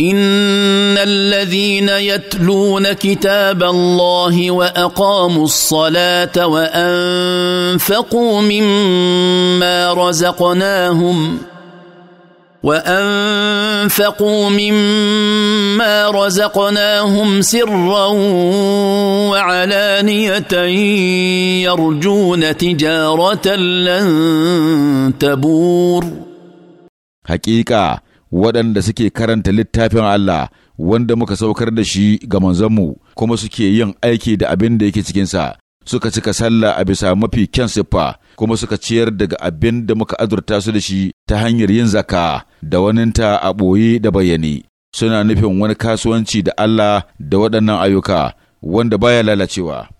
ان الذين يتلون كتاب الله واقاموا الصلاه وانفقوا مما رزقناهم وانفقوا مما رزقناهم سرا وعلانيه يرجون تجاره لن تبور حقيقه waɗanda suke karanta littafin Allah wanda muka saukar da shi ga manzanmu kuma suke yin aiki da abin da yake cikinsa suka cika sallah a bisa mafi kyan siffa kuma suka ciyar daga abin da muka azurta su da shi ta hanyar yin zaka da waninta a ɓoye da bayani suna nufin wani kasuwanci da Allah da waɗannan ayyuka wanda baya lalacewa.